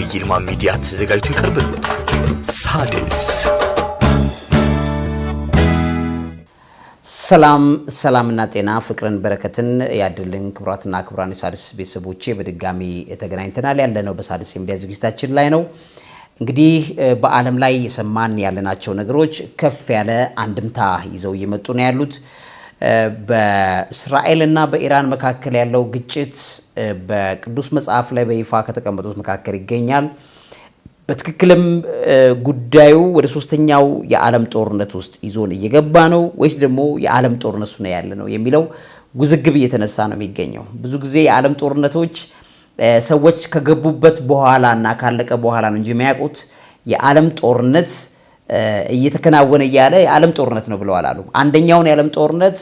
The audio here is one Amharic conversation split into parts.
በዐቢይ ይልማ ሚዲያ ተዘጋጅቶ ይቀርብልዎታል። ሣድስ ሰላም ሰላምና ጤና ፍቅርን በረከትን ያድልን። ክቡራትና ክቡራን የሣድስ ቤተሰቦቼ በድጋሚ ተገናኝተናል። ነው በሣድስ የሚዲያ ዝግጅታችን ላይ ነው። እንግዲህ በዓለም ላይ የሰማን ያለናቸው ነገሮች ከፍ ያለ አንድምታ ይዘው እየመጡ ነው ያሉት በእስራኤልና በኢራን መካከል ያለው ግጭት በቅዱስ መጽሐፍ ላይ በይፋ ከተቀመጡት መካከል ይገኛል። በትክክልም ጉዳዩ ወደ ሶስተኛው የዓለም ጦርነት ውስጥ ይዞን እየገባ ነው ወይስ ደግሞ የዓለም ጦርነት ነው ያለ ነው የሚለው ውዝግብ እየተነሳ ነው የሚገኘው። ብዙ ጊዜ የዓለም ጦርነቶች ሰዎች ከገቡበት በኋላ እና ካለቀ በኋላ ነው እንጂ የሚያውቁት የዓለም ጦርነት እየተከናወነ እያለ የዓለም ጦርነት ነው ብለዋል አሉ። አንደኛውን የዓለም ጦርነት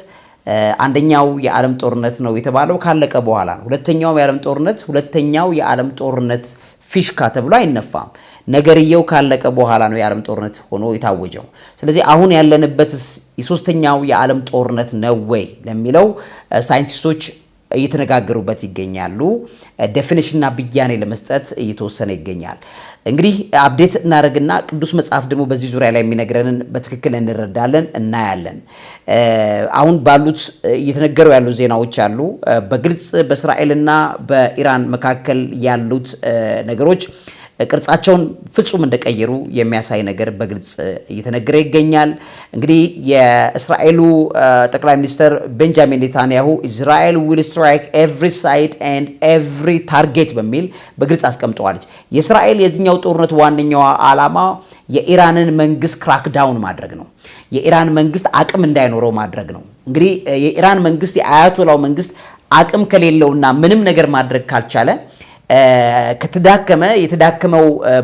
አንደኛው የዓለም ጦርነት ነው የተባለው ካለቀ በኋላ ነው። ሁለተኛው የዓለም ጦርነት ሁለተኛው የዓለም ጦርነት ፊሽካ ተብሎ አይነፋም። ነገርየው ካለቀ በኋላ ነው የዓለም ጦርነት ሆኖ የታወጀው። ስለዚህ አሁን ያለንበት የሶስተኛው የዓለም ጦርነት ነው ወይ ለሚለው ሳይንቲስቶች እየተነጋገሩበት ይገኛሉ። ዴፊኒሽንና ብያኔ ለመስጠት እየተወሰነ ይገኛል። እንግዲህ አብዴት እናደርግና ቅዱስ መጽሐፍ ደግሞ በዚህ ዙሪያ ላይ የሚነግረንን በትክክል እንረዳለን፣ እናያለን። አሁን ባሉት እየተነገሩ ያሉ ዜናዎች አሉ። በግልጽ በእስራኤልና በኢራን መካከል ያሉት ነገሮች ቅርጻቸውን ፍጹም እንደቀየሩ የሚያሳይ ነገር በግልጽ እየተነገረ ይገኛል። እንግዲህ የእስራኤሉ ጠቅላይ ሚኒስትር ቤንጃሚን ኔታንያሁ ኢዝራኤል ዊል ስትራይክ ኤቭሪ ሳይድ ኤንድ ኤቭሪ ታርጌት በሚል በግልጽ አስቀምጠዋለች። የእስራኤል የዚኛው ጦርነት ዋነኛዋ ዓላማ የኢራንን መንግስት ክራክዳውን ማድረግ ነው። የኢራን መንግስት አቅም እንዳይኖረው ማድረግ ነው። እንግዲህ የኢራን መንግስት የአያቶላው መንግስት አቅም ከሌለውና ምንም ነገር ማድረግ ካልቻለ ከተዳከመ የተዳከመው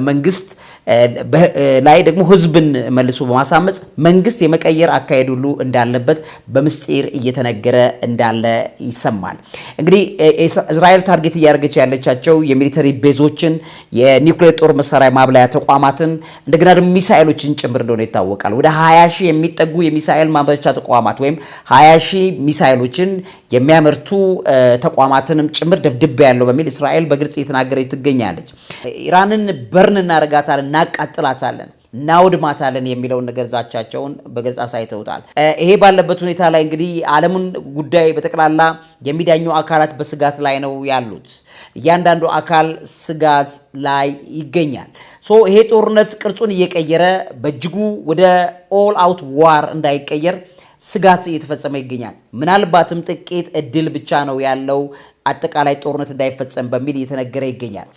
መንግስት ላይ ደግሞ ህዝብን መልሶ በማሳመፅ መንግስት የመቀየር አካሄድ ሁሉ እንዳለበት በምስጢር እየተነገረ እንዳለ ይሰማል። እንግዲህ እስራኤል ታርጌት እያደረገች ያለቻቸው የሚሊተሪ ቤዞችን፣ የኒውክሌር ጦር መሳሪያ ማብላያ ተቋማትን እንደገና ደግሞ ሚሳኤሎችን ጭምር እንደሆነ ይታወቃል። ወደ 20 ሺህ የሚጠጉ የሚሳይል ማምረቻ ተቋማት ወይም 20 ሺህ ሚሳኤሎችን የሚያመርቱ ተቋማትንም ጭምር ደብድቤ ያለው በሚል እስራኤል በግልጽ እየተናገረች ትገኛለች። ኢራንን በርን እናደርጋታለን እናቃጥላታለን እናውድማታለን የሚለውን ነገር ዛቻቸውን በግልጽ አሳይተውታል። ይሄ ባለበት ሁኔታ ላይ እንግዲህ ዓለሙን ጉዳይ በጠቅላላ የሚዳኙ አካላት በስጋት ላይ ነው ያሉት። እያንዳንዱ አካል ስጋት ላይ ይገኛል። ሶ ይሄ ጦርነት ቅርጹን እየቀየረ በእጅጉ ወደ ኦል አውት ዋር እንዳይቀየር ስጋት እየተፈጸመ ይገኛል። ምናልባትም ጥቂት እድል ብቻ ነው ያለው አጠቃላይ ጦርነት እንዳይፈጸም በሚል እየተነገረ ይገኛል።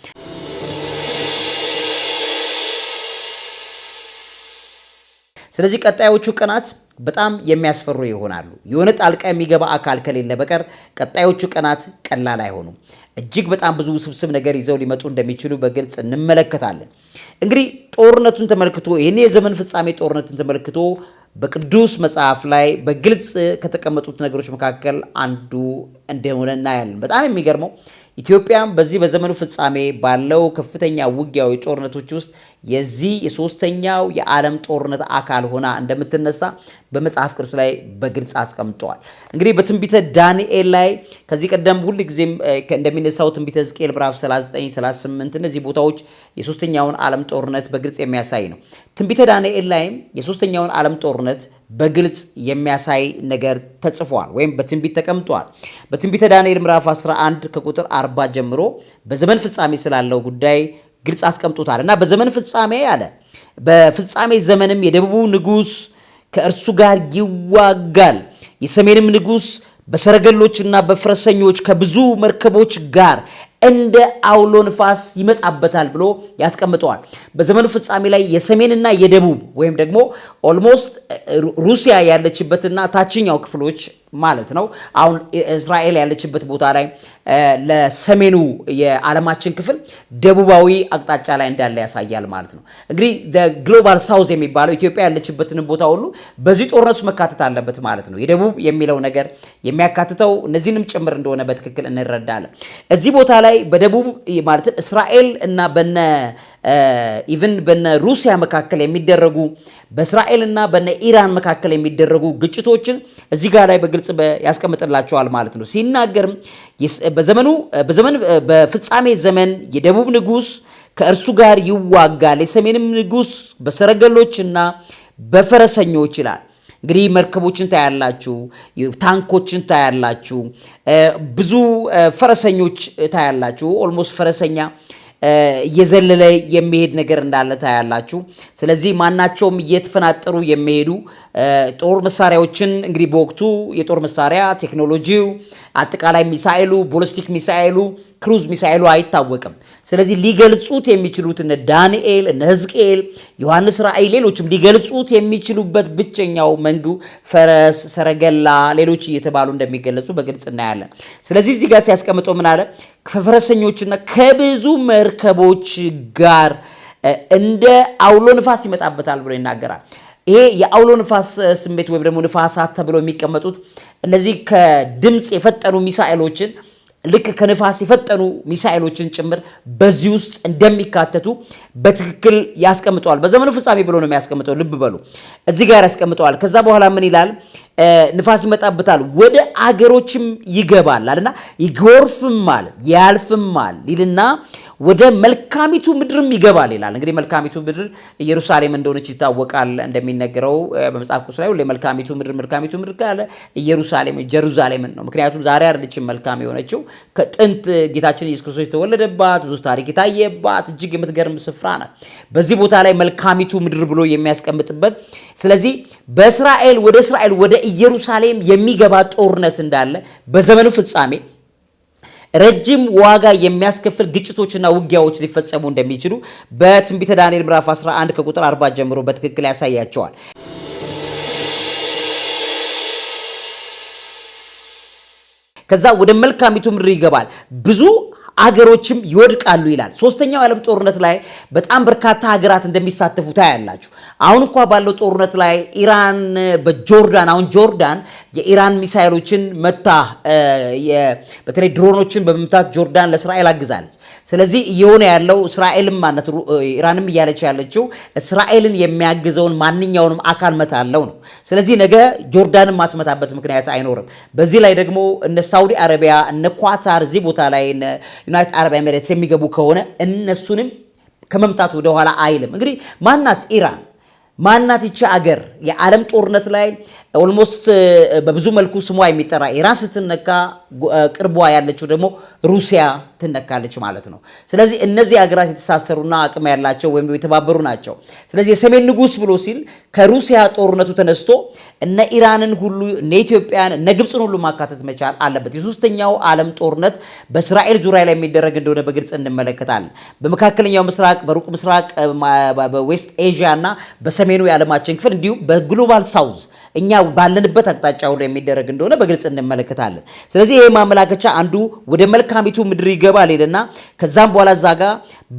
ስለዚህ ቀጣዮቹ ቀናት በጣም የሚያስፈሩ ይሆናሉ። የሆነ ጣልቃ የሚገባ አካል ከሌለ በቀር ቀጣዮቹ ቀናት ቀላል አይሆኑም። እጅግ በጣም ብዙ ውስብስብ ነገር ይዘው ሊመጡ እንደሚችሉ በግልጽ እንመለከታለን። እንግዲህ ጦርነቱን ተመልክቶ ይህን የዘመን ፍጻሜ ጦርነትን ተመልክቶ በቅዱስ መጽሐፍ ላይ በግልጽ ከተቀመጡት ነገሮች መካከል አንዱ እንደሆነ እናያለን። በጣም የሚገርመው ኢትዮጵያም በዚህ በዘመኑ ፍጻሜ ባለው ከፍተኛ ውጊያዊ ጦርነቶች ውስጥ የዚህ የሶስተኛው የዓለም ጦርነት አካል ሆና እንደምትነሳ በመጽሐፍ ቅዱስ ላይ በግልጽ አስቀምጠዋል። እንግዲህ በትንቢተ ዳንኤል ላይ ከዚህ ቀደም ሁል ጊዜም እንደሚነሳው ትንቢተ ሕዝቅኤል ምዕራፍ 39፣ 38 እነዚህ ቦታዎች የሶስተኛውን ዓለም ጦርነት በግልጽ የሚያሳይ ነው። ትንቢተ ዳንኤል ላይም የሶስተኛውን ዓለም ጦርነት በግልጽ የሚያሳይ ነገር ተጽፏል ወይም በትንቢት ተቀምጧል። በትንቢተ ዳንኤል ምዕራፍ 11 ከቁጥር 40 ጀምሮ በዘመን ፍጻሜ ስላለው ጉዳይ ግልጽ አስቀምጦታል እና በዘመን ፍጻሜ አለ በፍጻሜ ዘመንም የደቡቡ ንጉሥ ከእርሱ ጋር ይዋጋል፣ የሰሜንም ንጉሥ በሰረገሎችና በፈረሰኞች ከብዙ መርከቦች ጋር እንደ አውሎ ንፋስ ይመጣበታል ብሎ ያስቀምጠዋል። በዘመኑ ፍጻሜ ላይ የሰሜንና የደቡብ ወይም ደግሞ ኦልሞስት ሩሲያ ያለችበትና ታችኛው ክፍሎች ማለት ነው። አሁን እስራኤል ያለችበት ቦታ ላይ ለሰሜኑ የዓለማችን ክፍል ደቡባዊ አቅጣጫ ላይ እንዳለ ያሳያል ማለት ነው። እንግዲህ ግሎባል ሳውዝ የሚባለው ኢትዮጵያ ያለችበትን ቦታ ሁሉ በዚህ ጦርነቱ መካተት አለበት ማለት ነው። የደቡብ የሚለው ነገር የሚያካትተው እነዚህንም ጭምር እንደሆነ በትክክል እንረዳለን። እዚህ ቦታ ላይ በደቡብ ማለት እስራኤል እና በነ ኢቭን በነ ሩሲያ መካከል የሚደረጉ በእስራኤል እና በነ ኢራን መካከል የሚደረጉ ግጭቶችን እዚህ ጋር ላይ በግልጽ ያስቀምጥላቸዋል ማለት ነው። ሲናገርም በዘመኑ በዘመን በፍጻሜ ዘመን የደቡብ ንጉስ ከእርሱ ጋር ይዋጋል፣ የሰሜንም ንጉስ በሰረገሎችና በፈረሰኞች ይላል። እንግዲህ መርከቦችን ታያላችሁ፣ ታንኮችን ታያላችሁ፣ ብዙ ፈረሰኞች ታያላችሁ። ኦልሞስት ፈረሰኛ እየዘለለ የሚሄድ ነገር እንዳለ ታያላችሁ። ስለዚህ ማናቸውም እየተፈናጠሩ የሚሄዱ ጦር መሳሪያዎችን እንግዲህ በወቅቱ የጦር መሳሪያ ቴክኖሎጂው፣ አጠቃላይ ሚሳኤሉ፣ ቦሊስቲክ ሚሳኤሉ፣ ክሩዝ ሚሳኤሉ አይታወቅም። ስለዚህ ሊገልጹት የሚችሉት እነ ዳንኤል፣ እነ ህዝቅኤል፣ ዮሐንስ ራእይ፣ ሌሎችም ሊገልጹት የሚችሉበት ብቸኛው መንጉ ፈረስ፣ ሰረገላ፣ ሌሎች እየተባሉ እንደሚገለጹ በግልጽ እናያለን። ስለዚህ እዚህ ጋር ሲያስቀምጠው ምን አለ? ከፈረሰኞችና ከብዙ መ መርከቦች ጋር እንደ አውሎ ንፋስ ይመጣበታል ብሎ ይናገራል። ይሄ የአውሎ ንፋስ ስሜት ወይም ደግሞ ንፋሳት ተብለው የሚቀመጡት እነዚህ ከድምፅ የፈጠኑ ሚሳኤሎችን ልክ ከንፋስ የፈጠኑ ሚሳኤሎችን ጭምር በዚህ ውስጥ እንደሚካተቱ በትክክል ያስቀምጠዋል። በዘመኑ ፍጻሜ ብሎ ነው የሚያስቀምጠው። ልብ በሉ እዚህ ጋር ያስቀምጠዋል። ከዛ በኋላ ምን ይላል? ንፋስ ይመጣበታል፣ ወደ አገሮችም ይገባል አለና ይጎርፍማል፣ ያልፍማል ይልና ወደ መልካሚቱ ምድርም ይገባል ይላል። እንግዲህ መልካሚቱ ምድር ኢየሩሳሌም እንደሆነች ይታወቃል። እንደሚነገረው በመጽሐፍ ቅዱስ ላይ ሁሌ መልካሚቱ ምድር መልካሚቱ ምድር ካለ ኢየሩሳሌም ጀሩሳሌምን ነው። ምክንያቱም ዛሬ አይደለችም መልካም የሆነችው ከጥንት ጌታችን ኢየሱስ ክርስቶስ የተወለደባት ብዙ ታሪክ የታየባት እጅግ የምትገርም ስፍራ ናት። በዚህ ቦታ ላይ መልካሚቱ ምድር ብሎ የሚያስቀምጥበት ስለዚህ በእስራኤል ወደ እስራኤል ወደ ኢየሩሳሌም የሚገባ ጦርነት እንዳለ በዘመኑ ፍጻሜ ረጅም ዋጋ የሚያስከፍል ግጭቶችና ውጊያዎች ሊፈጸሙ እንደሚችሉ በትንቢተ ዳንኤል ምዕራፍ 11 ከቁጥር 40 ጀምሮ በትክክል ያሳያቸዋል። ከዛ ወደ መልካሚቱ ምድር ይገባል፣ ብዙ አገሮችም ይወድቃሉ ይላል። ሶስተኛው ዓለም ጦርነት ላይ በጣም በርካታ ሀገራት እንደሚሳተፉ ታያላችሁ። አሁን እንኳ ባለው ጦርነት ላይ ኢራን በጆርዳን አሁን ጆርዳን የኢራን ሚሳይሎችን መታ፣ በተለይ ድሮኖችን በመምታት ጆርዳን ለእስራኤል አግዛለች። ስለዚህ እየሆነ ያለው እስራኤልም ማነት ኢራንም እያለች ያለችው እስራኤልን የሚያግዘውን ማንኛውንም አካል መታለው ነው። ስለዚህ ነገ ጆርዳን ማትመታበት ምክንያት አይኖርም። በዚህ ላይ ደግሞ እነ ሳውዲ አረቢያ እነ ኳታር እዚህ ቦታ ላይ ዩናይትድ አረብ ኤሚሬትስ የሚገቡ ከሆነ እነሱንም ከመምታት ወደኋላ አይልም። እንግዲህ ማናት ኢራን ማናት ይቺ አገር የዓለም ጦርነት ላይ ኦልሞስት በብዙ መልኩ ስሟ የሚጠራ ኢራን ስትነካ፣ ቅርቧ ያለችው ደግሞ ሩሲያ ትነካለች ማለት ነው። ስለዚህ እነዚህ ሀገራት የተሳሰሩና አቅም ያላቸው ወይም የተባበሩ ናቸው። ስለዚህ የሰሜን ንጉስ ብሎ ሲል ከሩሲያ ጦርነቱ ተነስቶ እነ ኢራንን ሁሉ እነ ኢትዮጵያን እነ ግብፅን ሁሉ ማካተት መቻል አለበት። የሶስተኛው ዓለም ጦርነት በእስራኤል ዙሪያ ላይ የሚደረግ እንደሆነ በግልጽ እንመለከታለን። በመካከለኛው ምስራቅ፣ በሩቅ ምስራቅ፣ በዌስት ኤዥያ እና በሰሜኑ የዓለማችን ክፍል እንዲሁም በግሎባል ሳውዝ እኛ ባለንበት አቅጣጫ ሁሉ የሚደረግ እንደሆነ በግልጽ እንመለከታለን። ስለዚህ ይህ ማመላከቻ አንዱ ወደ መልካሚቱ ምድር ይገባል ይልና ከዛም በኋላ እዛ ጋ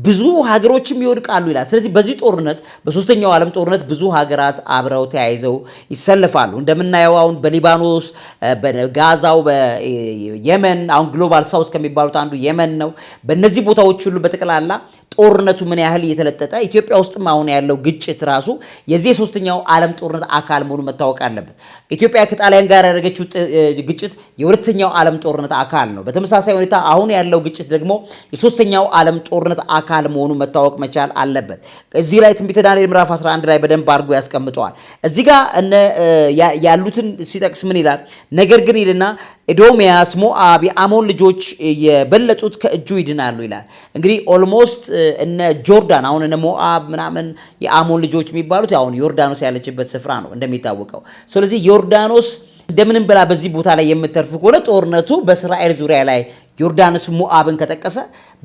ብዙ ሀገሮችም ይወድቃሉ ይላል። ስለዚህ በዚህ ጦርነት በሶስተኛው ዓለም ጦርነት ብዙ ሀገራት አብረው ተያይዘው ይሰለፋሉ። እንደምናየው አሁን በሊባኖስ፣ በጋዛው፣ በየመን አሁን ግሎባል ሳውስ ከሚባሉት አንዱ የመን ነው። በእነዚህ ቦታዎች ሁሉ በጠቅላላ ጦርነቱ ምን ያህል እየተለጠጠ ኢትዮጵያ ውስጥም አሁን ያለው ግጭት ራሱ የዚህ የሶስተኛው ዓለም ጦርነት አካል መሆኑ መታወቅ አለበት። ኢትዮጵያ ከጣሊያን ጋር ያደረገችው ግጭት የሁለተኛው ዓለም ጦርነት አካል ነው። በተመሳሳይ ሁኔታ አሁን ያለው ግጭት ደግሞ የሶስተኛው ዓለም ጦርነት አካል መሆኑ መታወቅ መቻል አለበት። እዚህ ላይ ትንቢተ ዳንኤል ምዕራፍ 11 ላይ በደንብ አድርጎ ያስቀምጠዋል። እዚህ ጋር ያሉትን ሲጠቅስ ምን ይላል? ነገር ግን ይልና ኤዶሚያስ፣ ሞአብ፣ የአሞን ልጆች የበለጡት ከእጁ ይድናሉ ይላል። እንግዲህ ኦልሞስት እነ ጆርዳን አሁን እነ ሞአብ ምናምን የአሞን ልጆች የሚባሉት አሁን ዮርዳኖስ ያለችበት ስፍራ ነው እንደሚታወቀው። ስለዚህ ዮርዳኖስ እንደምንም ብላ በዚህ ቦታ ላይ የምተርፍ ከሆነ ጦርነቱ በእስራኤል ዙሪያ ላይ ዮርዳኖስ ሞአብን ከጠቀሰ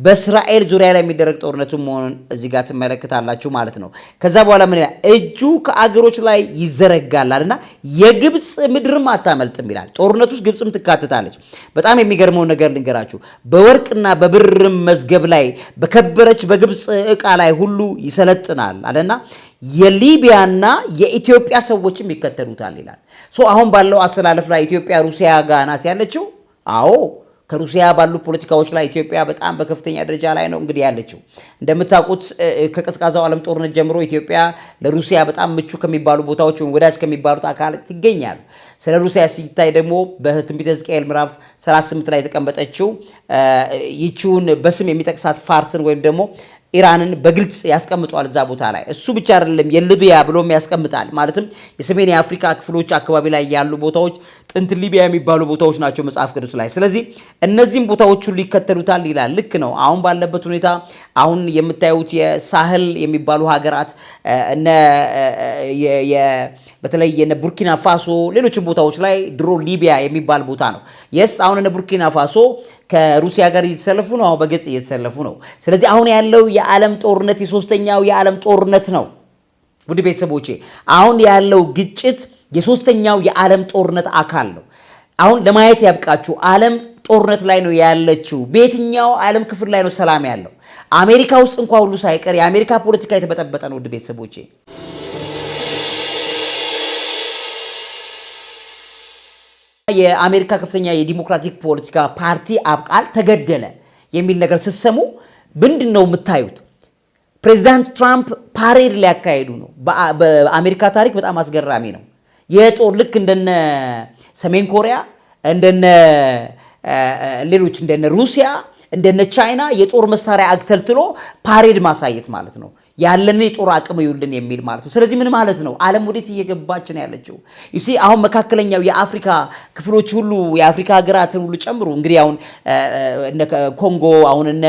በእስራኤል ዙሪያ ላይ የሚደረግ ጦርነቱ መሆኑን እዚህ ጋር ትመለከታላችሁ ማለት ነው። ከዛ በኋላ ምን ይላል? እጁ ከአገሮች ላይ ይዘረጋላል እና የግብፅ ምድርም አታመልጥም ይላል። ጦርነት ውስጥ ግብፅም ትካትታለች። በጣም የሚገርመው ነገር ልንገራችሁ። በወርቅና በብርም መዝገብ ላይ በከበረች በግብፅ ዕቃ ላይ ሁሉ ይሰለጥናል አለና የሊቢያና የኢትዮጵያ ሰዎችም ይከተሉታል ይላል። አሁን ባለው አሰላለፍ ላይ ኢትዮጵያ ሩሲያ ጋር ናት ያለችው። አዎ ከሩሲያ ባሉ ፖለቲካዎች ላይ ኢትዮጵያ በጣም በከፍተኛ ደረጃ ላይ ነው እንግዲህ ያለችው። እንደምታውቁት ከቀዝቃዛው ዓለም ጦርነት ጀምሮ ኢትዮጵያ ለሩሲያ በጣም ምቹ ከሚባሉ ቦታዎች ወይም ወዳጅ ከሚባሉት አካላት ይገኛሉ። ስለ ሩሲያ ሲታይ ደግሞ በትንቢተ ሕዝቅኤል ምዕራፍ 38 ላይ የተቀመጠችው ይቺውን በስም የሚጠቅሳት ፋርስን ወይም ደግሞ ኢራንን በግልጽ ያስቀምጧል እዛ ቦታ ላይ። እሱ ብቻ አይደለም የሊቢያ ብሎም ያስቀምጣል። ማለትም የሰሜን የአፍሪካ ክፍሎች አካባቢ ላይ ያሉ ቦታዎች ጥንት ሊቢያ የሚባሉ ቦታዎች ናቸው መጽሐፍ ቅዱስ ላይ። ስለዚህ እነዚህም ቦታዎች ሁሉ ይከተሉታል ይላል። ልክ ነው። አሁን ባለበት ሁኔታ አሁን የምታዩት የሳህል የሚባሉ ሀገራት እነ በተለይ የነ ቡርኪና ፋሶ ሌሎችን ቦታዎች ላይ ድሮ ሊቢያ የሚባል ቦታ ነው። የስ አሁን እነ ቡርኪና ፋሶ ከሩሲያ ጋር እየተሰለፉ ነው። አሁን በግልጽ እየተሰለፉ ነው። ስለዚህ አሁን ያለው የዓለም ጦርነት የሶስተኛው የዓለም ጦርነት ነው። ውድ ቤተሰቦቼ አሁን ያለው ግጭት የሶስተኛው የዓለም ጦርነት አካል ነው። አሁን ለማየት ያብቃችሁ። ዓለም ጦርነት ላይ ነው ያለችው። በየትኛው ዓለም ክፍል ላይ ነው ሰላም ያለው? አሜሪካ ውስጥ እንኳ ሁሉ ሳይቀር የአሜሪካ ፖለቲካ የተበጠበጠ ነው። ውድ ቤተሰቦቼ የአሜሪካ ከፍተኛ የዲሞክራቲክ ፖለቲካ ፓርቲ አብቃል ተገደለ የሚል ነገር ስትሰሙ ምንድን ነው የምታዩት? ፕሬዚዳንት ትራምፕ ፓሬድ ሊያካሄዱ ነው። በአሜሪካ ታሪክ በጣም አስገራሚ ነው። የጦር ልክ እንደነ ሰሜን ኮሪያ፣ እንደነ ሌሎች እንደነ ሩሲያ፣ እንደነ ቻይና የጦር መሳሪያ አግተልትሎ ፓሬድ ማሳየት ማለት ነው። ያለን የጦር አቅም ይውልን የሚል ማለት ነው። ስለዚህ ምን ማለት ነው? ዓለም ወዴት እየገባች ነው ያለችው? ዩሲ አሁን መካከለኛው የአፍሪካ ክፍሎች ሁሉ የአፍሪካ ሀገራትን ሁሉ ጨምሩ እንግዲህ አሁን እነ ኮንጎ አሁን እነ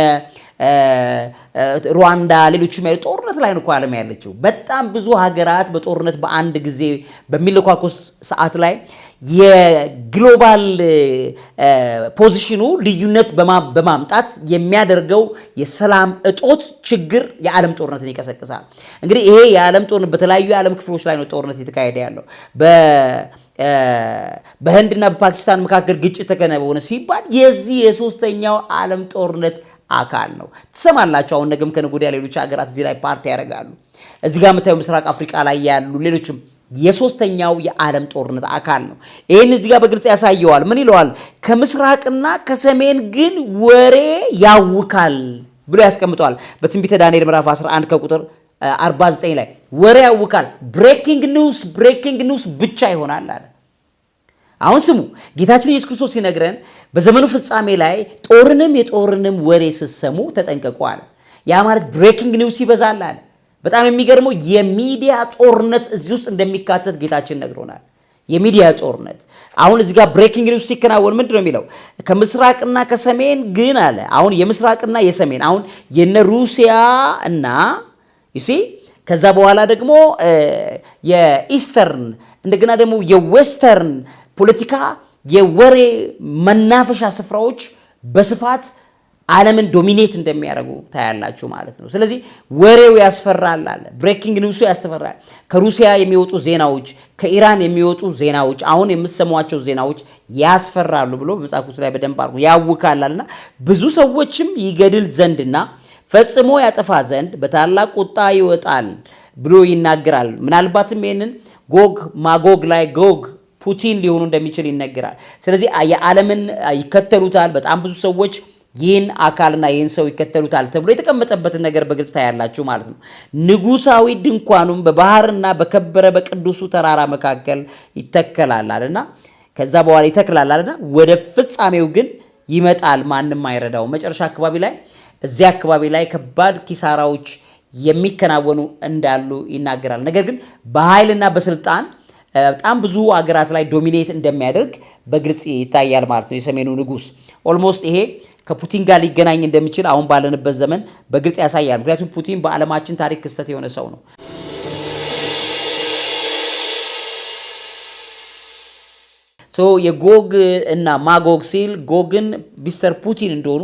ሩዋንዳ ሌሎችም ያሉ ጦርነት ላይ ነው እኮ ዓለም ያለችው። በጣም ብዙ ሀገራት በጦርነት በአንድ ጊዜ በሚለኳኩስ ሰዓት ላይ የግሎባል ፖዚሽኑ ልዩነት በማምጣት የሚያደርገው የሰላም እጦት ችግር የዓለም ጦርነትን ይቀሰቅሳል። እንግዲህ ይሄ የዓለም ጦርነት በተለያዩ የዓለም ክፍሎች ላይ ነው ጦርነት የተካሄደ ያለው። በህንድና በፓኪስታን መካከል ግጭት ተከነበሆነ ሲባል የዚህ የሶስተኛው ዓለም ጦርነት አካል ነው። ትሰማላቸው። አሁን ነገም ከነገ ወዲያ ሌሎች ሀገራት እዚህ ላይ ፓርቲ ያደርጋሉ። እዚህ ጋር የምታዩ ምስራቅ አፍሪቃ ላይ ያሉ ሌሎችም የሶስተኛው የዓለም ጦርነት አካል ነው። ይህን እዚህ ጋር በግልጽ ያሳየዋል። ምን ይለዋል? ከምስራቅና ከሰሜን ግን ወሬ ያውካል ብሎ ያስቀምጠዋል። በትንቢተ ዳንኤል ምዕራፍ 11 ከቁጥር 49 ላይ ወሬ ያውካል፣ ብሬኪንግ ኒውስ፣ ብሬኪንግ ኒውስ ብቻ ይሆናል አለ። አሁን ስሙ፣ ጌታችን ኢየሱስ ክርስቶስ ሲነግረን በዘመኑ ፍጻሜ ላይ ጦርንም የጦርንም ወሬ ስትሰሙ ተጠንቀቁ አለ። ያ ማለት ብሬኪንግ ኒውስ ይበዛል አለ። በጣም የሚገርመው የሚዲያ ጦርነት እዚህ ውስጥ እንደሚካተት ጌታችን ነግሮናል። የሚዲያ ጦርነት አሁን እዚህ ጋር ብሬኪንግ ኒውስ ሲከናወን ምንድን ነው የሚለው? ከምስራቅና ከሰሜን ግን አለ። አሁን የምስራቅና የሰሜን አሁን የነ ሩሲያ እና ዩሲ ከዛ በኋላ ደግሞ የኢስተርን እንደገና ደግሞ የዌስተርን ፖለቲካ የወሬ መናፈሻ ስፍራዎች በስፋት ዓለምን ዶሚኔት እንደሚያደርጉ ታያላችሁ ማለት ነው። ስለዚህ ወሬው ያስፈራል አለ ብሬኪንግ ኒውሱ ያስፈራል። ከሩሲያ የሚወጡ ዜናዎች፣ ከኢራን የሚወጡ ዜናዎች፣ አሁን የምሰሟቸው ዜናዎች ያስፈራሉ ብሎ በመጽሐፍ ቅዱስ ላይ በደንብ አድርጎ ያውካላልና ብዙ ሰዎችም ይገድል ዘንድና ፈጽሞ ያጠፋ ዘንድ በታላቅ ቁጣ ይወጣል ብሎ ይናገራል። ምናልባትም ይህንን ጎግ ማጎግ ላይ ጎግ ፑቲን ሊሆኑ እንደሚችል ይነገራል። ስለዚህ የዓለምን ይከተሉታል በጣም ብዙ ሰዎች ይህን አካልና ይህን ሰው ይከተሉታል ተብሎ የተቀመጠበትን ነገር በግልጽ ታያላችሁ ማለት ነው። ንጉሳዊ ድንኳኑም በባህርና በከበረ በቅዱሱ ተራራ መካከል ይተከላላልና ከዛ በኋላ አለና ወደ ፍጻሜው ግን ይመጣል፣ ማንም አይረዳው። መጨረሻ አካባቢ ላይ እዚያ አካባቢ ላይ ከባድ ኪሳራዎች የሚከናወኑ እንዳሉ ይናገራል። ነገር ግን በኃይልና በስልጣን በጣም ብዙ ሀገራት ላይ ዶሚኔት እንደሚያደርግ በግልጽ ይታያል ማለት ነው። የሰሜኑ ንጉስ ኦልሞስት ይሄ ከፑቲን ጋር ሊገናኝ እንደሚችል አሁን ባለንበት ዘመን በግልጽ ያሳያል። ምክንያቱም ፑቲን በዓለማችን ታሪክ ክስተት የሆነ ሰው ነው። ሶ የጎግ እና ማጎግ ሲል ጎግን ሚስተር ፑቲን እንደሆኑ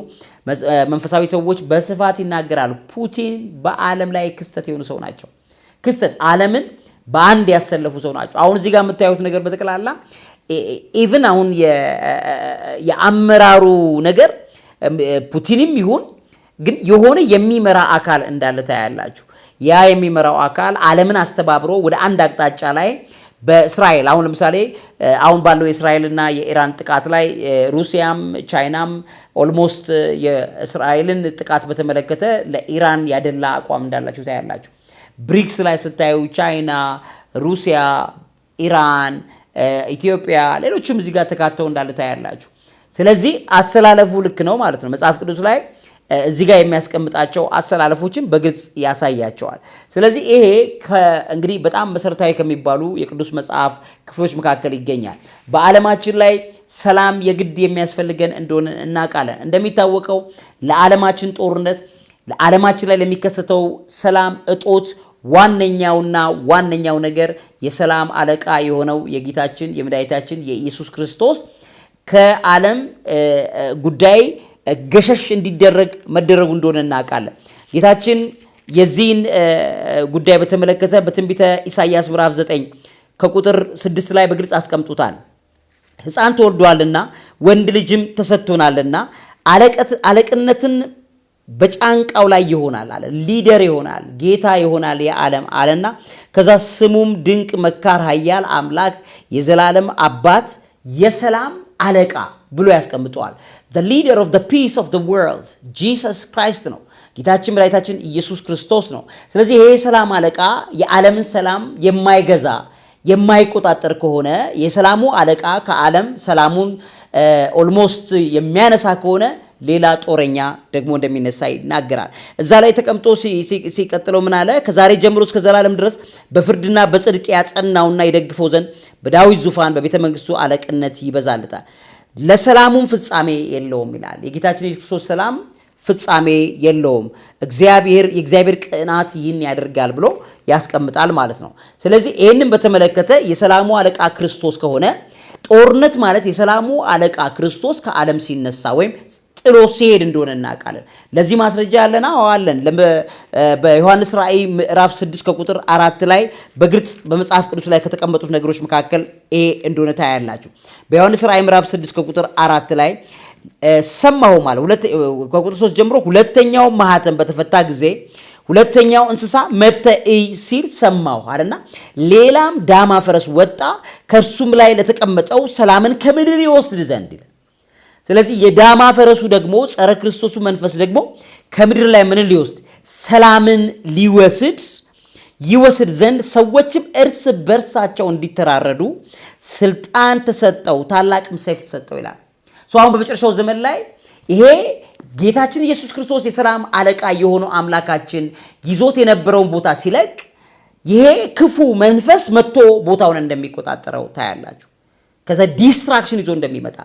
መንፈሳዊ ሰዎች በስፋት ይናገራሉ። ፑቲን በዓለም ላይ ክስተት የሆኑ ሰው ናቸው። ክስተት ዓለምን በአንድ ያሰለፉ ሰው ናቸው። አሁን እዚህ ጋር የምታዩት ነገር በጠቅላላ ኢቭን አሁን የአመራሩ ነገር ፑቲንም ይሁን ግን የሆነ የሚመራ አካል እንዳለ ታያላችሁ። ያ የሚመራው አካል ዓለምን አስተባብሮ ወደ አንድ አቅጣጫ ላይ በእስራኤል አሁን ለምሳሌ አሁን ባለው የእስራኤልና የኢራን ጥቃት ላይ ሩሲያም ቻይናም ኦልሞስት የእስራኤልን ጥቃት በተመለከተ ለኢራን ያደላ አቋም እንዳላችሁ ታያላችሁ። ብሪክስ ላይ ስታዩ ቻይና፣ ሩሲያ፣ ኢራን፣ ኢትዮጵያ ሌሎችም እዚህ ጋር ተካተው እንዳሉ ታያላችሁ። ስለዚህ አሰላለፉ ልክ ነው ማለት ነው። መጽሐፍ ቅዱስ ላይ እዚህ ጋር የሚያስቀምጣቸው አሰላለፎችን በግልጽ ያሳያቸዋል። ስለዚህ ይሄ እንግዲህ በጣም መሰረታዊ ከሚባሉ የቅዱስ መጽሐፍ ክፍሎች መካከል ይገኛል። በዓለማችን ላይ ሰላም የግድ የሚያስፈልገን እንደሆነ እናውቃለን። እንደሚታወቀው ለዓለማችን ጦርነት ለዓለማችን ላይ ለሚከሰተው ሰላም እጦት ዋነኛውና ዋነኛው ነገር የሰላም አለቃ የሆነው የጌታችን የመድኃኒታችን የኢየሱስ ክርስቶስ ከዓለም ጉዳይ ገሸሽ እንዲደረግ መደረጉ እንደሆነ እናውቃለን። ጌታችን የዚህን ጉዳይ በተመለከተ በትንቢተ ኢሳይያስ ምዕራፍ 9 ከቁጥር 6 ላይ በግልጽ አስቀምጡታል። ሕፃን ተወልዷልና ወንድ ልጅም ተሰጥቶናልና አለቅነትን በጫንቃው ላይ ይሆናል አለ። ሊደር ይሆናል፣ ጌታ ይሆናል የዓለም አለና ከዛ ስሙም ድንቅ መካር፣ ኃያል አምላክ፣ የዘላለም አባት፣ የሰላም አለቃ ብሎ ያስቀምጠዋል። ሊደር ኦፍ ፒስ ኦፍ ወርልድ ጂሰስ ክራይስት ነው። ጌታችን መድኃኒታችን ኢየሱስ ክርስቶስ ነው። ስለዚህ ይሄ የሰላም አለቃ የዓለምን ሰላም የማይገዛ የማይቆጣጠር ከሆነ የሰላሙ አለቃ ከዓለም ሰላሙን ኦልሞስት የሚያነሳ ከሆነ ሌላ ጦረኛ ደግሞ እንደሚነሳ ይናገራል። እዛ ላይ ተቀምጦ ሲቀጥለው ምን አለ? ከዛሬ ጀምሮ እስከ ዘላለም ድረስ በፍርድና በጽድቅ ያጸናውና ይደግፈው ዘንድ በዳዊት ዙፋን በቤተ መንግስቱ አለቅነት ይበዛልታል፣ ለሰላሙም ፍጻሜ የለውም ይላል። የጌታችን የሱስ ክርስቶስ ሰላም ፍጻሜ የለውም። እግዚአብሔር የእግዚአብሔር ቅናት ይህን ያደርጋል ብሎ ያስቀምጣል ማለት ነው። ስለዚህ ይህንን በተመለከተ የሰላሙ አለቃ ክርስቶስ ከሆነ ጦርነት ማለት የሰላሙ አለቃ ክርስቶስ ከዓለም ሲነሳ ወይም ጥሎ ሲሄድ እንደሆነ እናውቃለን። ለዚህ ማስረጃ ያለን አዋለን በዮሐንስ ራእይ ምዕራፍ 6 ከቁጥር አራት ላይ በግልጽ በመጽሐፍ ቅዱስ ላይ ከተቀመጡት ነገሮች መካከል ይሄ እንደሆነ ታያላችሁ። በዮሐንስ ራእይ ምዕራፍ 6 ከቁጥር አራት ላይ ሰማሁ አለ ከቁጥር 3 ጀምሮ ሁለተኛው ማህተም በተፈታ ጊዜ ሁለተኛው እንስሳ መተ እይ ሲል ሰማሁ አለና ሌላም ዳማ ፈረስ ወጣ፣ ከእርሱም ላይ ለተቀመጠው ሰላምን ከምድር ይወስድ ዘንድ ስለዚህ የዳማ ፈረሱ ደግሞ ጸረ ክርስቶሱ መንፈስ ደግሞ ከምድር ላይ ምንን ሊወስድ ሰላምን ሊወስድ ይወስድ ዘንድ ሰዎችም እርስ በርሳቸው እንዲተራረዱ ስልጣን ተሰጠው፣ ታላቅም ሰይፍ ተሰጠው ይላል። አሁን በመጨረሻው ዘመን ላይ ይሄ ጌታችን ኢየሱስ ክርስቶስ የሰላም አለቃ የሆነው አምላካችን ይዞት የነበረውን ቦታ ሲለቅ ይሄ ክፉ መንፈስ መጥቶ ቦታውን እንደሚቆጣጠረው ታያላችሁ። ከዛ ዲስትራክሽን ይዞ እንደሚመጣ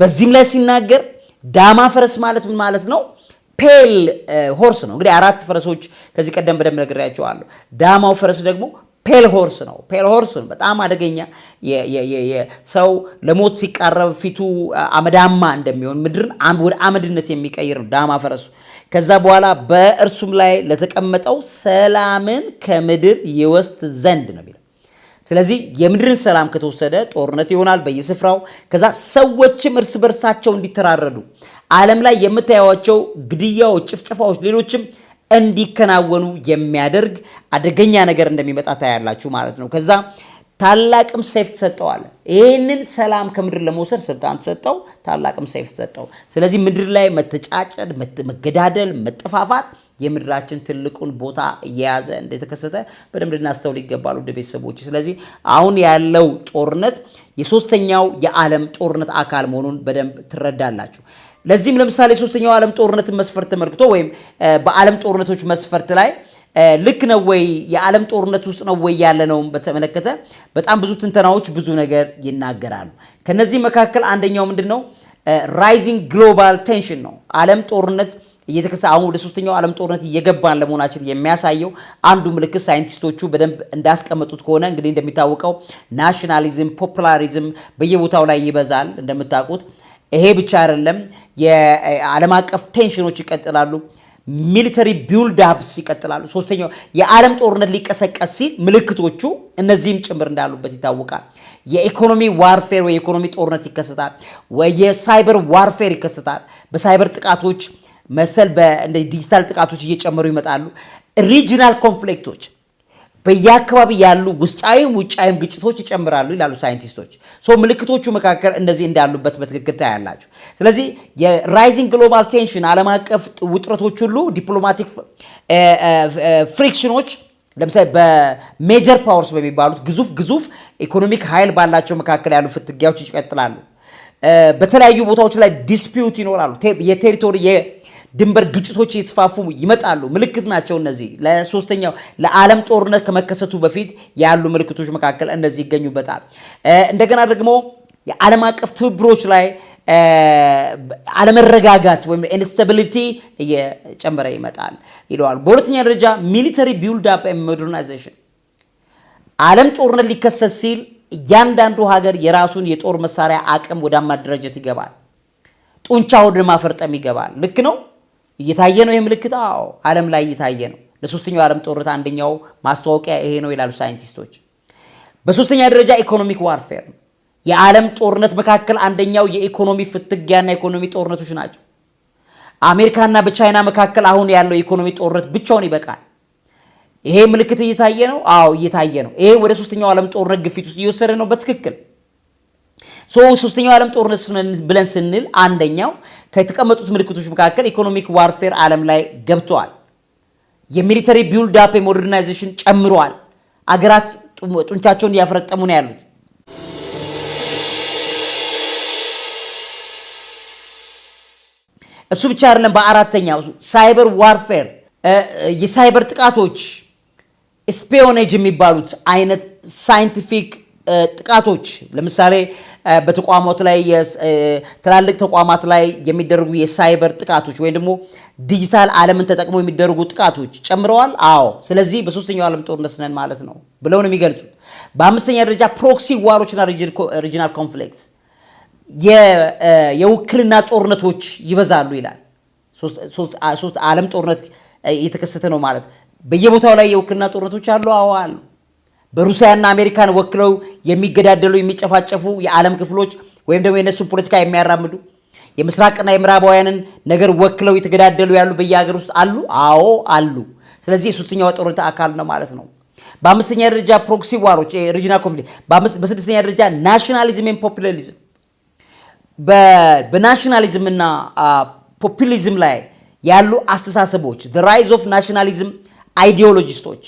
በዚህም ላይ ሲናገር ዳማ ፈረስ ማለት ምን ማለት ነው? ፔል ሆርስ ነው። እንግዲህ አራት ፈረሶች ከዚህ ቀደም በደንብ ነግሬያቸዋለሁ። ዳማው ፈረስ ደግሞ ፔል ሆርስ ነው። ፔል ሆርስ ነው በጣም አደገኛ ሰው ለሞት ሲቃረብ ፊቱ አመዳማ እንደሚሆን ምድርን ወደ አመድነት የሚቀይር ነው ዳማ ፈረሱ። ከዛ በኋላ በእርሱም ላይ ለተቀመጠው ሰላምን ከምድር ይወስድ ዘንድ ነው ስለዚህ የምድርን ሰላም ከተወሰደ ጦርነት ይሆናል በየስፍራው። ከዛ ሰዎችም እርስ በርሳቸው እንዲተራረዱ ዓለም ላይ የምታያቸው ግድያዎች፣ ጭፍጨፋዎች፣ ሌሎችም እንዲከናወኑ የሚያደርግ አደገኛ ነገር እንደሚመጣ ታያላችሁ ማለት ነው። ከዛ ታላቅም ሰይፍ ተሰጠዋል። ይህንን ሰላም ከምድር ለመውሰድ ስልጣን ተሰጠው፣ ታላቅም ሰይፍ ተሰጠው። ስለዚህ ምድር ላይ መተጫጨድ፣ መገዳደል፣ መጠፋፋት የምድራችን ትልቁን ቦታ እየያዘ እንደተከሰተ በደንብ ልናስተውል ይገባሉ፣ ውድ ቤተሰቦች። ስለዚህ አሁን ያለው ጦርነት የሶስተኛው የዓለም ጦርነት አካል መሆኑን በደንብ ትረዳላችሁ። ለዚህም ለምሳሌ የሶስተኛው ዓለም ጦርነትን መስፈርት ተመልክቶ ወይም በዓለም ጦርነቶች መስፈርት ላይ ልክ ነው ወይ የዓለም ጦርነት ውስጥ ነው ወይ ያለ ነው በተመለከተ በጣም ብዙ ትንተናዎች ብዙ ነገር ይናገራሉ። ከነዚህ መካከል አንደኛው ምንድን ነው ራይዚንግ ግሎባል ቴንሽን ነው። ዓለም ጦርነት እየተከሰ አሁን ወደ ሶስተኛው ዓለም ጦርነት እየገባን ለመሆናችን የሚያሳየው አንዱ ምልክት ሳይንቲስቶቹ በደንብ እንዳስቀመጡት ከሆነ እንግዲህ እንደሚታወቀው ናሽናሊዝም፣ ፖፑላሪዝም በየቦታው ላይ ይበዛል እንደምታውቁት። ይሄ ብቻ አይደለም፣ የዓለም አቀፍ ቴንሽኖች ይቀጥላሉ። ሚሊተሪ ቢውልድ አፕስ ይቀጥላሉ። ሶስተኛው የዓለም ጦርነት ሊቀሰቀስ ሲል ምልክቶቹ እነዚህም ጭምር እንዳሉበት ይታወቃል። የኢኮኖሚ ዋርፌር ወይ የኢኮኖሚ ጦርነት ይከሰታል፣ ወይ የሳይበር ዋርፌር ይከሰታል። በሳይበር ጥቃቶች መሰል ዲጂታል ጥቃቶች እየጨመሩ ይመጣሉ። ሪጂናል ኮንፍሊክቶች በየአካባቢ ያሉ ውስጣዊም ውጫዊም ግጭቶች ይጨምራሉ ይላሉ ሳይንቲስቶች። ምልክቶቹ መካከል እንደዚህ እንዳሉበት በትክክል ታያላችሁ። ስለዚህ የራይዚንግ ግሎባል ቴንሽን ዓለም አቀፍ ውጥረቶች ሁሉ ዲፕሎማቲክ ፍሪክሽኖች ለምሳሌ በሜጀር ፓወርስ በሚባሉት ግዙፍ ግዙፍ ኢኮኖሚክ ኃይል ባላቸው መካከል ያሉ ፍትጊያዎች ይቀጥላሉ። በተለያዩ ቦታዎች ላይ ዲስፒዩት ይኖራሉ የቴሪቶሪ ድንበር ግጭቶች እየተስፋፉ ይመጣሉ። ምልክት ናቸው እነዚህ። ለሶስተኛው ለዓለም ጦርነት ከመከሰቱ በፊት ያሉ ምልክቶች መካከል እነዚህ ይገኙበታል። እንደገና ደግሞ የዓለም አቀፍ ትብብሮች ላይ አለመረጋጋት ወይም ኢንስታቢሊቲ እየጨመረ ይመጣል ይለዋል። በሁለተኛ ደረጃ ሚሊተሪ ቢውልድ አፕ ሞደርናይዜሽን፣ ዓለም ጦርነት ሊከሰት ሲል እያንዳንዱ ሀገር የራሱን የጦር መሳሪያ አቅም ወደ ማደራጀት ይገባል። ጡንቻ ወደ ማፈርጠም ይገባል። ልክ ነው። እየታየ ነው ይህ ምልክት። አዎ ዓለም ላይ እየታየ ነው። ለሶስተኛው ዓለም ጦርነት አንደኛው ማስታወቂያ ይሄ ነው ይላሉ ሳይንቲስቶች። በሶስተኛ ደረጃ ኢኮኖሚክ ዋርፌር፣ የዓለም ጦርነት መካከል አንደኛው የኢኮኖሚ ፍትጊያና ኢኮኖሚ ጦርነቶች ናቸው። አሜሪካና በቻይና መካከል አሁን ያለው የኢኮኖሚ ጦርነት ብቻውን ይበቃል። ይሄ ምልክት እየታየ ነው። አዎ እየታየ ነው። ይሄ ወደ ሶስተኛው ዓለም ጦርነት ግፊት ውስጥ እየወሰደ ነው በትክክል ሶስተኛው ዓለም ጦርነት ብለን ስንል አንደኛው ከተቀመጡት ምልክቶች መካከል ኢኮኖሚክ ዋርፌር ዓለም ላይ ገብተዋል። የሚሊተሪ ቢውልድ አፕ ሞደርናይዜሽን ጨምረዋል። አገራት ጡንቻቸውን እያፈረጠሙ ነው ያሉት። እሱ ብቻ አይደለም። በአራተኛው ሳይበር ዋርፌር የሳይበር ጥቃቶች ስፔዮኔጅ የሚባሉት አይነት ሳይንቲፊክ ጥቃቶች ለምሳሌ በተቋማት ላይ ትላልቅ ተቋማት ላይ የሚደረጉ የሳይበር ጥቃቶች ወይም ደግሞ ዲጂታል ዓለምን ተጠቅመው የሚደረጉ ጥቃቶች ጨምረዋል። አዎ፣ ስለዚህ በሶስተኛው ዓለም ጦርነት ነን ማለት ነው ብለው ነው የሚገልጹት። በአምስተኛ ደረጃ ፕሮክሲ ዋሮችና ሪጂናል ኮንፍሊክትስ የውክልና ጦርነቶች ይበዛሉ ይላል። ሶስት ዓለም ጦርነት የተከሰተ ነው ማለት በየቦታው ላይ የውክልና ጦርነቶች አሉ። አዎ አሉ። በሩሲያና አሜሪካን ወክለው የሚገዳደሉ የሚጨፋጨፉ የዓለም ክፍሎች ወይም ደግሞ የእነሱን ፖለቲካ የሚያራምዱ የምስራቅና የምዕራባውያንን ነገር ወክለው የተገዳደሉ ያሉ በየሀገር ውስጥ አሉ። አዎ አሉ። ስለዚህ የሶስተኛው ጦርነት አካል ነው ማለት ነው። በአምስተኛ ደረጃ ፕሮክሲ ዋሮች ሪጂናል ኮንፍሊክት፣ በስድስተኛ ደረጃ ናሽናሊዝምን ፖፑሊዝም በናሽናሊዝም ፖፑሊዝም ላይ ያሉ አስተሳሰቦች ራይዝ ኦፍ ናሽናሊዝም አይዲዮሎጂስቶች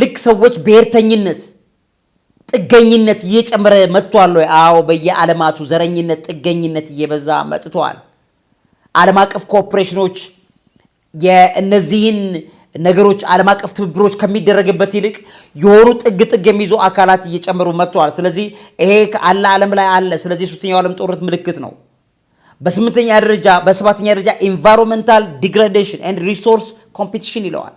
ልክ ሰዎች ብሔርተኝነት፣ ጥገኝነት እየጨመረ መጥቷል ወይ? አዎ፣ በየዓለማቱ ዘረኝነት፣ ጥገኝነት እየበዛ መጥቷል። ዓለም አቀፍ ኮኦፕሬሽኖች የእነዚህን ነገሮች ዓለም አቀፍ ትብብሮች ከሚደረግበት ይልቅ የሆኑ ጥግ ጥግ የሚይዙ አካላት እየጨመሩ መጥተዋል። ስለዚህ ይሄ አለ ዓለም ላይ አለ። ስለዚህ ሶስተኛው ዓለም ጦርነት ምልክት ነው። በስምንተኛ ደረጃ በሰባተኛ ደረጃ ኢንቫይሮንመንታል ዲግራዴሽን ኤንድ ሪሶርስ ኮምፒቲሽን ይለዋል።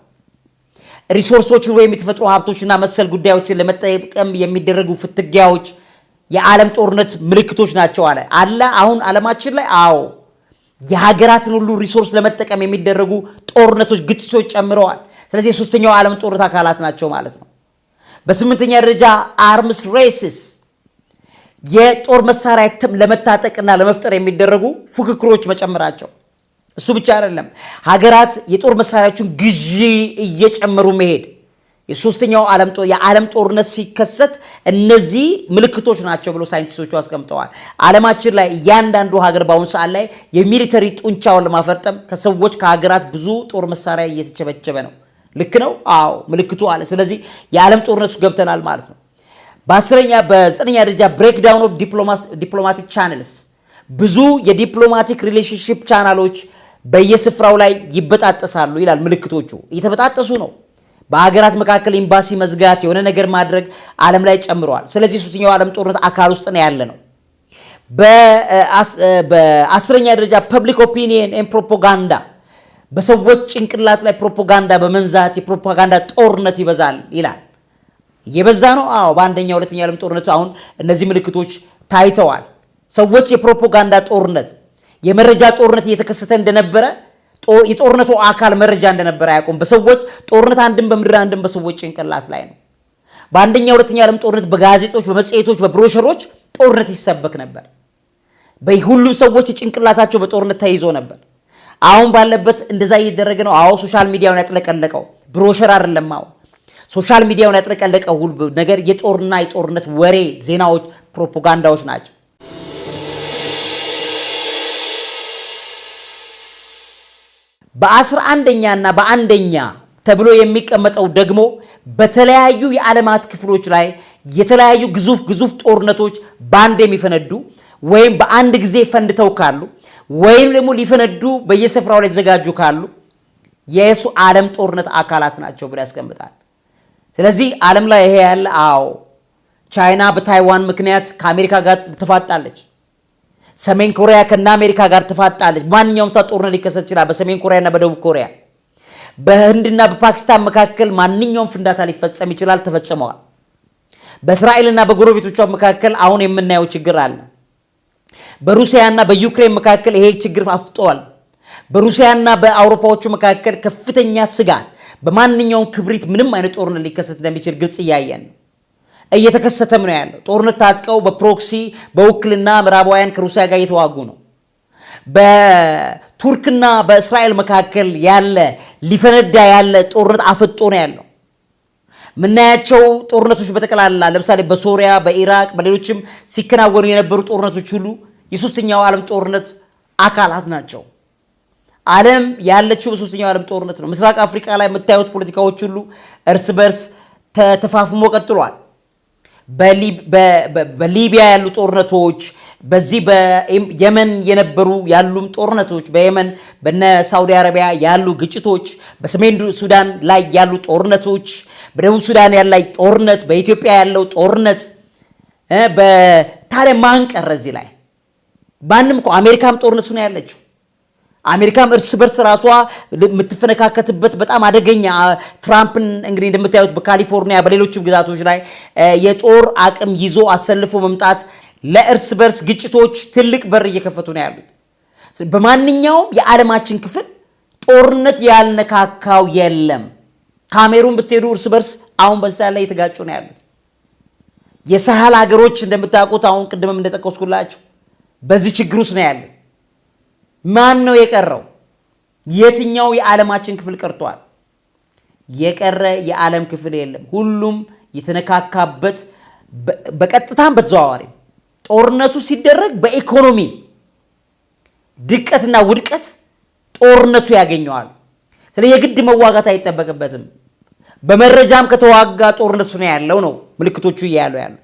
ሪሶርሶችን ወይም የተፈጥሮ ሀብቶችና መሰል ጉዳዮችን ለመጠቀም የሚደረጉ ፍትጊያዎች የዓለም ጦርነት ምልክቶች ናቸው አለ አለ አሁን ዓለማችን ላይ አዎ የሀገራትን ሁሉ ሪሶርስ ለመጠቀም የሚደረጉ ጦርነቶች፣ ግጭቶች ጨምረዋል። ስለዚህ የሶስተኛው ዓለም ጦርነት አካላት ናቸው ማለት ነው። በስምንተኛ ደረጃ አርምስ ሬስስ የጦር መሳሪያ ለመታጠቅና ለመፍጠር የሚደረጉ ፉክክሮች መጨመራቸው እሱ ብቻ አይደለም፣ ሀገራት የጦር መሳሪያዎችን ግዢ እየጨመሩ መሄድ የሶስተኛው የዓለም ጦርነት ሲከሰት እነዚህ ምልክቶች ናቸው ብሎ ሳይንቲስቶቹ አስቀምጠዋል። ዓለማችን ላይ እያንዳንዱ ሀገር በአሁኑ ሰዓት ላይ የሚሊተሪ ጡንቻውን ለማፈርጠም ከሰዎች ከሀገራት ብዙ ጦር መሳሪያ እየተቸበቸበ ነው። ልክ ነው። አዎ ምልክቱ አለ። ስለዚህ የዓለም ጦርነት ገብተናል ማለት ነው። በአስረኛ በዘጠነኛ ደረጃ ብሬክዳውን ኦፍ ዲፕሎማቲክ ቻነልስ ብዙ የዲፕሎማቲክ ሪሌሽንሽፕ ቻናሎች በየስፍራው ላይ ይበጣጠሳሉ ይላል። ምልክቶቹ እየተበጣጠሱ ነው። በሀገራት መካከል ኤምባሲ መዝጋት፣ የሆነ ነገር ማድረግ ዓለም ላይ ጨምረዋል። ስለዚህ ሶስተኛው ዓለም ጦርነት አካል ውስጥ ነው ያለ ነው። በአስረኛ ደረጃ ፐብሊክ ኦፒኒየን ኤን ፕሮፓጋንዳ በሰዎች ጭንቅላት ላይ ፕሮፓጋንዳ በመንዛት የፕሮፓጋንዳ ጦርነት ይበዛል ይላል። እየበዛ ነው። አዎ በአንደኛ ሁለተኛ ዓለም ጦርነት አሁን እነዚህ ምልክቶች ታይተዋል። ሰዎች የፕሮፓጋንዳ ጦርነት የመረጃ ጦርነት እየተከሰተ እንደነበረ የጦርነቱ አካል መረጃ እንደነበረ አያውቁም። በሰዎች ጦርነት አንድም በምድር አንድም በሰዎች ጭንቅላት ላይ ነው። በአንደኛ ሁለተኛ ዓለም ጦርነት በጋዜጦች፣ በመጽሔቶች፣ በብሮሸሮች ጦርነት ይሰበክ ነበር። በሁሉም ሰዎች ጭንቅላታቸው በጦርነት ተይዞ ነበር። አሁን ባለበት እንደዛ እየደረገ ነው። አዎ ሶሻል ሚዲያውን ያጥለቀለቀው ብሮሸር አይደለም። አዎ ሶሻል ሚዲያውን ያጥለቀለቀው ነገር የጦርና የጦርነት ወሬ ዜናዎች፣ ፕሮፓጋንዳዎች ናቸው። በአስራ አንደኛና በአንደኛ ተብሎ የሚቀመጠው ደግሞ በተለያዩ የዓለማት ክፍሎች ላይ የተለያዩ ግዙፍ ግዙፍ ጦርነቶች በአንድ የሚፈነዱ ወይም በአንድ ጊዜ ፈንድተው ካሉ ወይም ደግሞ ሊፈነዱ በየስፍራው ላይ የተዘጋጁ ካሉ የእሱ ዓለም ጦርነት አካላት ናቸው ብሎ ያስቀምጣል። ስለዚህ ዓለም ላይ ይሄ ያለ አዎ፣ ቻይና በታይዋን ምክንያት ከአሜሪካ ጋር ትፋጣለች። ሰሜን ኮሪያ ከነ አሜሪካ ጋር ትፋጣለች። ማንኛውም ሰው ጦርነት ሊከሰት ይችላል። በሰሜን ኮሪያና በደቡብ ኮሪያ፣ በህንድና በፓኪስታን መካከል ማንኛውም ፍንዳታ ሊፈጸም ይችላል። ተፈጽመዋል። በእስራኤልና በጎረቤቶቿ መካከል አሁን የምናየው ችግር አለ። በሩሲያና በዩክሬን መካከል ይሄ ችግር አፍጠዋል። በሩሲያና በአውሮፓዎቹ መካከል ከፍተኛ ስጋት፣ በማንኛውም ክብሪት ምንም አይነት ጦርነት ሊከሰት እንደሚችል ግልጽ እያየን ነው። እየተከሰተም ነው ያለው። ጦርነት ታጥቀው በፕሮክሲ በውክልና ምዕራባውያን ከሩሲያ ጋር እየተዋጉ ነው። በቱርክና በእስራኤል መካከል ያለ ሊፈነዳ ያለ ጦርነት አፈጦ ነው ያለው። ምናያቸው ጦርነቶች በጠቅላላ ለምሳሌ በሶሪያ፣ በኢራቅ፣ በሌሎችም ሲከናወኑ የነበሩ ጦርነቶች ሁሉ የሶስተኛው ዓለም ጦርነት አካላት ናቸው። ዓለም ያለችው በሶስተኛው ዓለም ጦርነት ነው። ምስራቅ አፍሪካ ላይ የምታዩት ፖለቲካዎች ሁሉ እርስ በርስ ተፋፍሞ ቀጥሏል። በሊቢያ ያሉ ጦርነቶች በዚህ በየመን የነበሩ ያሉም ጦርነቶች በየመን በነ ሳውዲ አረቢያ ያሉ ግጭቶች፣ በሰሜን ሱዳን ላይ ያሉ ጦርነቶች፣ በደቡብ ሱዳን ላይ ጦርነት፣ በኢትዮጵያ ያለው ጦርነት። ታዲያ ማን ቀረ እዚህ ላይ? ማንም እኮ አሜሪካም ጦርነቱ ነው ያለችው አሜሪካም እርስ በርስ ራሷ የምትፈነካከትበት በጣም አደገኛ ትራምፕን እንግዲህ እንደምታዩት በካሊፎርኒያ በሌሎችም ግዛቶች ላይ የጦር አቅም ይዞ አሰልፎ መምጣት ለእርስ በርስ ግጭቶች ትልቅ በር እየከፈቱ ነው ያሉት። በማንኛውም የዓለማችን ክፍል ጦርነት ያልነካካው የለም። ካሜሩን ብትሄዱ እርስ በርስ አሁን በዛ ላይ የተጋጩ ነው ያሉት። የሳህል ሀገሮች እንደምታውቁት አሁን ቅድምም እንደጠቀስኩላችሁ በዚህ ችግር ውስጥ ነው ያሉት። ማን ነው የቀረው? የትኛው የዓለማችን ክፍል ቀርቷል? የቀረ የዓለም ክፍል የለም። ሁሉም የተነካካበት በቀጥታም በተዘዋዋሪ ጦርነቱ ሲደረግ በኢኮኖሚ ድቀትና ውድቀት ጦርነቱ ያገኘዋል። ስለዚህ የግድ መዋጋት አይጠበቅበትም። በመረጃም ከተዋጋ ጦርነቱ ነው ያለው ነው ምልክቶቹ እያሉ ያሉ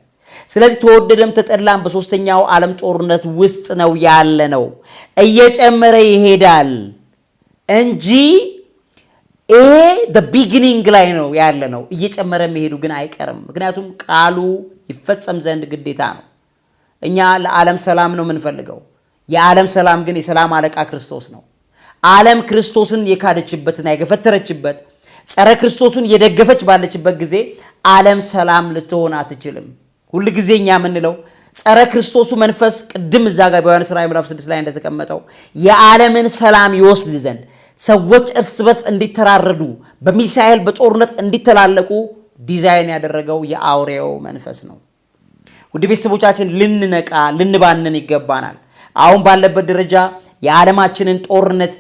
ስለዚህ ተወደደም ተጠላም በሶስተኛው ዓለም ጦርነት ውስጥ ነው ያለ ነው። እየጨመረ ይሄዳል እንጂ ይሄ ቢግኒንግ ላይ ነው ያለ ነው። እየጨመረ መሄዱ ግን አይቀርም። ምክንያቱም ቃሉ ይፈጸም ዘንድ ግዴታ ነው። እኛ ለዓለም ሰላም ነው የምንፈልገው። የዓለም ሰላም ግን የሰላም አለቃ ክርስቶስ ነው። ዓለም ክርስቶስን የካደችበትና የገፈተረችበት ጸረ ክርስቶስን የደገፈች ባለችበት ጊዜ ዓለም ሰላም ልትሆን አትችልም። ሁል ጊዜ እኛ የምንለው ጸረ ክርስቶሱ መንፈስ ቅድም እዛ ጋር በዮሐንስ ራዕይ ምዕራፍ 6 ላይ እንደተቀመጠው የዓለምን ሰላም ይወስድ ዘንድ ሰዎች እርስ በርስ እንዲተራረዱ በሚሳኤል በጦርነት እንዲተላለቁ ዲዛይን ያደረገው የአውሬው መንፈስ ነው። ውድ ቤተሰቦቻችን ልንነቃ ልንባንን ይገባናል። አሁን ባለበት ደረጃ የዓለማችንን ጦርነት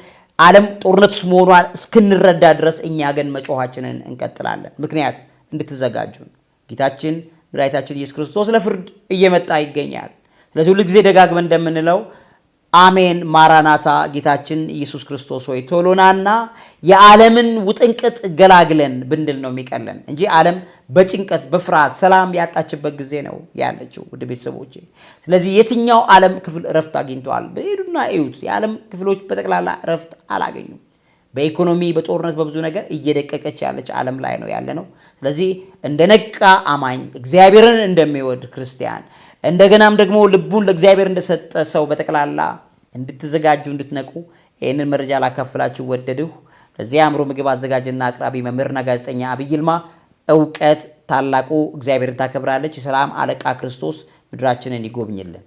ዓለም ጦርነት ውስጥ መሆኗን እስክንረዳ ድረስ እኛ ግን መጮኋችንን እንቀጥላለን። ምክንያት እንድትዘጋጁን ጌታችን መድኃኒታችን ኢየሱስ ክርስቶስ ለፍርድ እየመጣ ይገኛል። ስለዚህ ሁል ጊዜ ደጋግመን እንደምንለው አሜን ማራናታ፣ ጌታችን ኢየሱስ ክርስቶስ ሆይ ቶሎናና የዓለምን ውጥንቅጥ ገላግለን ብንል ነው የሚቀለን እንጂ ዓለም በጭንቀት በፍርሃት ሰላም ያጣችበት ጊዜ ነው ያለችው፣ ውድ ቤተሰቦች። ስለዚህ የትኛው ዓለም ክፍል እረፍት አግኝተዋል? በሄዱና እዩት። የዓለም ክፍሎች በጠቅላላ እረፍት አላገኙም። በኢኮኖሚ በጦርነት በብዙ ነገር እየደቀቀች ያለች ዓለም ላይ ነው ያለ ነው። ስለዚህ እንደ ነቃ አማኝ እግዚአብሔርን እንደሚወድ ክርስቲያን እንደገናም ደግሞ ልቡን ለእግዚአብሔር እንደሰጠ ሰው በጠቅላላ እንድትዘጋጁ እንድትነቁ ይህንን መረጃ ላካፍላችሁ ወደድሁ። ለዚህ አእምሮ ምግብ አዘጋጅና አቅራቢ መምህርና ጋዜጠኛ አብይልማ ይልማ። እውቀት ታላቁ እግዚአብሔርን ታከብራለች። የሰላም አለቃ ክርስቶስ ምድራችንን ይጎብኝልን።